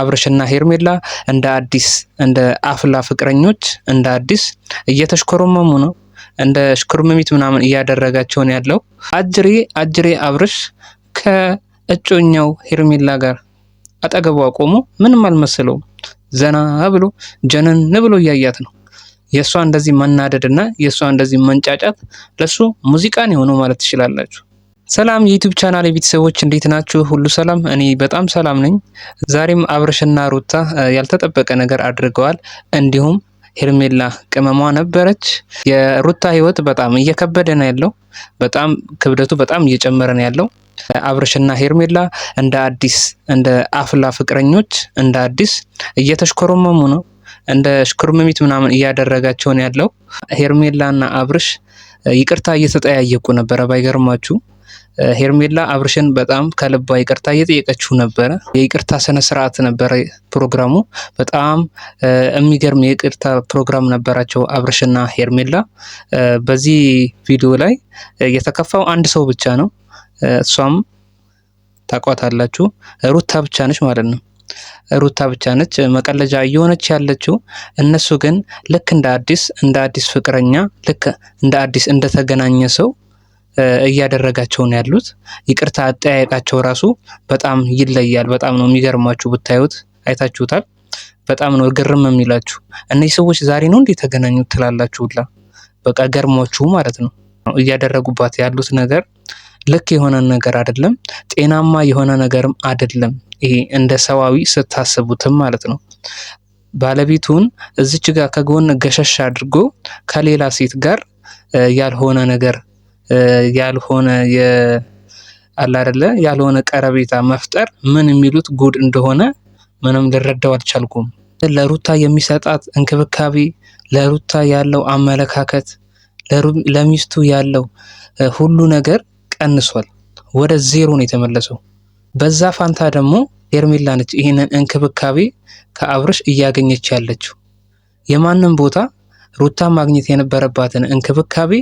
አብርሽና ሄርሜላ እንደ አዲስ እንደ አፍላ ፍቅረኞች እንደ አዲስ እየተሽኮረመሙ ነው። እንደ ሽኮርመሚት ምናምን እያደረጋቸውን ያለው አጅሬ አጅሬ አብርሽ ከእጮኛው ሄርሜላ ጋር አጠገቧ ቆሞ ምንም አልመስለውም ዘና ብሎ ጀነን ብሎ እያያት ነው። የእሷ እንደዚህ መናደድ እና የእሷ እንደዚህ መንጫጫት ለሱ ሙዚቃን የሆነው ማለት ትችላላችሁ። ሰላም የዩቲዩብ ቻናል የቤተሰቦች እንዴት ናችሁ? ሁሉ ሰላም? እኔ በጣም ሰላም ነኝ። ዛሬም አብርሽና ሩታ ያልተጠበቀ ነገር አድርገዋል። እንዲሁም ሄርሜላ ቅመሟ ነበረች። የሩታ ህይወት በጣም እየከበደ ነው ያለው። በጣም ክብደቱ በጣም እየጨመረ ነው ያለው። አብርሽና ሄርሜላ እንደ አዲስ እንደ አፍላ ፍቅረኞች እንደ አዲስ እየተሽኮረመሙ ነው። እንደ ሽኮርመሚት ምናምን እያደረጋቸውን ያለው ሄርሜላና አብርሽ ይቅርታ እየተጠያየቁ ነበረ ባይገርማችሁ ሄርሜላ አብርሽን በጣም ከልባ ይቅርታ እየጠየቀችው ነበረ። የይቅርታ ስነ ስርዓት ነበረ ፕሮግራሙ። በጣም የሚገርም የይቅርታ ፕሮግራም ነበራቸው አብርሽና ሄርሜላ። በዚህ ቪዲዮ ላይ የተከፋው አንድ ሰው ብቻ ነው። እሷም ታቋታላችሁ፣ ሩታ ብቻ ነች ማለት ነው። ሩታ ብቻ ነች መቀለጃ እየሆነች ያለችው። እነሱ ግን ልክ እንደ አዲስ እንደ አዲስ ፍቅረኛ ልክ እንደ አዲስ እንደተገናኘ ሰው እያደረጋቸው ነው ያሉት። ይቅርታ አጠያየቃቸው ራሱ በጣም ይለያል። በጣም ነው የሚገርማችሁ ብታዩት፣ አይታችሁታል። በጣም ነው ግርም የሚላችሁ። እነዚህ ሰዎች ዛሬ ነው እንዴ ተገናኙት ትላላችሁላ። በቃ ገርሟችሁ ማለት ነው። እያደረጉባት ያሉት ነገር ልክ የሆነ ነገር አይደለም፣ ጤናማ የሆነ ነገርም አይደለም። ይሄ እንደ ሰዋዊ ስታስቡትም ማለት ነው። ባለቤቱን እዚች ጋር ከጎን ገሸሽ አድርጎ ከሌላ ሴት ጋር ያልሆነ ነገር ያልሆነ አለ አይደለ ያልሆነ ቀረቤታ መፍጠር ምን የሚሉት ጉድ እንደሆነ ምንም ልረዳው አልቻልኩም። ለሩታ የሚሰጣት እንክብካቤ፣ ለሩታ ያለው አመለካከት፣ ለሚስቱ ያለው ሁሉ ነገር ቀንሷል። ወደ ዜሮ ነው የተመለሰው። በዛ ፋንታ ደግሞ ሄርሜላ ነች ይህንን እንክብካቤ ከአብርሽ እያገኘች ያለችው። የማንም ቦታ ሩታ ማግኘት የነበረባትን እንክብካቤ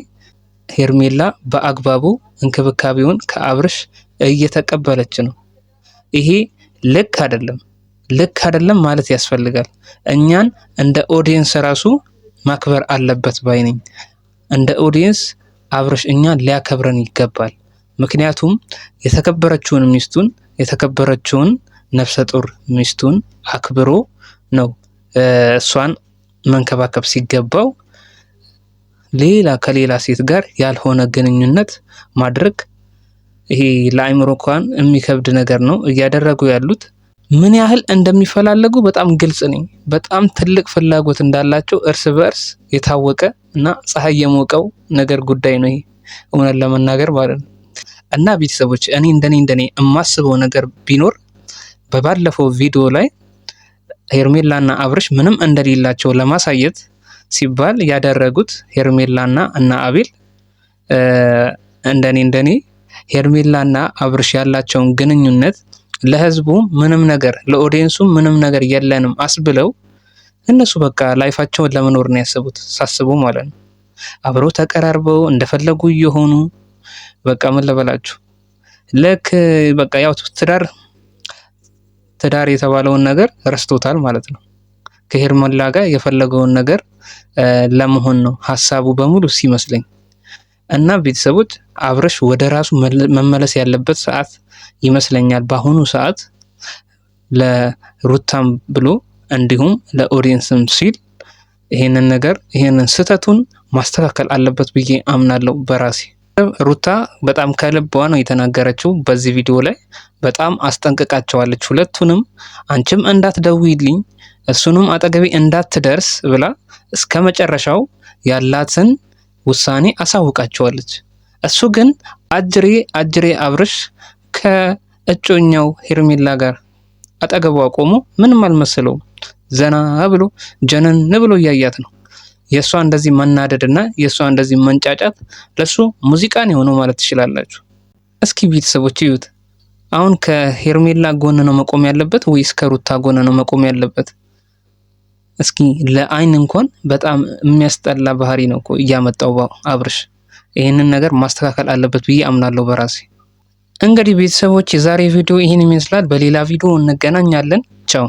ሄርሜላ በአግባቡ እንክብካቤውን ከአብርሽ እየተቀበለች ነው። ይሄ ልክ አይደለም፣ ልክ አይደለም ማለት ያስፈልጋል። እኛን እንደ ኦዲየንስ ራሱ ማክበር አለበት ባይ ነኝ። እንደ ኦዲየንስ አብርሽ እኛን ሊያከብረን ይገባል። ምክንያቱም የተከበረችውን ሚስቱን የተከበረችውን ነፍሰ ጡር ሚስቱን አክብሮ ነው እሷን መንከባከብ ሲገባው ሌላ ከሌላ ሴት ጋር ያልሆነ ግንኙነት ማድረግ ይሄ ለአእምሮ እንኳን የሚከብድ ነገር ነው። እያደረጉ ያሉት ምን ያህል እንደሚፈላለጉ በጣም ግልጽ ነኝ። በጣም ትልቅ ፍላጎት እንዳላቸው እርስ በእርስ የታወቀ እና ፀሐይ የሞቀው ነገር ጉዳይ ነው። ይሄ እውነት ለመናገር ማለት ነው እና ቤተሰቦች እኔ እንደኔ እንደኔ የማስበው ነገር ቢኖር በባለፈው ቪዲዮ ላይ ሄርሜላና አብርሽ ምንም እንደሌላቸው ለማሳየት ሲባል ያደረጉት ሄርሜላና እና አቤል እንደኔ እንደኔ ሄርሜላና አብርሽ ያላቸውን ግንኙነት ለህዝቡ ምንም ነገር ለኦዲየንሱ ምንም ነገር የለንም አስብለው እነሱ በቃ ላይፋቸውን ለመኖር ነው ያሰቡት፣ ሳስቡ ማለት ነው። አብረው ተቀራርበው እንደፈለጉ እየሆኑ በቃ ምን ልበላችሁ፣ ልክ በቃ ያው ትዳር ትዳር የተባለውን ነገር ረስቶታል ማለት ነው። ከሄርሞላ ጋር የፈለገውን ነገር ለመሆን ነው ሀሳቡ በሙሉ ሲመስለኝ። እና ቤተሰቦች አብረሽ ወደ ራሱ መመለስ ያለበት ሰዓት ይመስለኛል። በአሁኑ ሰዓት ለሩታም ብሎ እንዲሁም ለኦዲየንስም ሲል ይሄንን ነገር ይሄንን ስህተቱን ማስተካከል አለበት ብዬ አምናለሁ በራሴ። ሩታ በጣም ከልቧ ነው የተናገረችው። በዚህ ቪዲዮ ላይ በጣም አስጠንቅቃቸዋለች ሁለቱንም። አንቺም እንዳትደውይልኝ እሱንም አጠገቤ እንዳትደርስ ብላ እስከ መጨረሻው ያላትን ውሳኔ አሳውቃቸዋለች። እሱ ግን አጅሬ አጅሬ አብርሽ ከእጮኛው ሄርሜላ ጋር አጠገቧ ቆሞ ምንም አልመሰለውም። ዘና ብሎ ጀነን ብሎ እያያት ነው። የእሷ እንደዚህ መናደድ እና የእሷ እንደዚህ መንጫጫት ለሱ ሙዚቃን የሆነው ማለት ትችላላችሁ። እስኪ ቤተሰቦች ይዩት። አሁን ከሄርሜላ ጎን ነው መቆም ያለበት ወይስ ከሩታ ጎን ነው መቆም ያለበት? እስኪ ለአይን እንኳን በጣም የሚያስጠላ ባህሪ ነው እኮ እያመጣው አብርሽ። ይህንን ነገር ማስተካከል አለበት ብዬ አምናለሁ በራሴ። እንግዲህ ቤተሰቦች የዛሬ ቪዲዮ ይህን ይመስላል። በሌላ ቪዲዮ እንገናኛለን። ቻው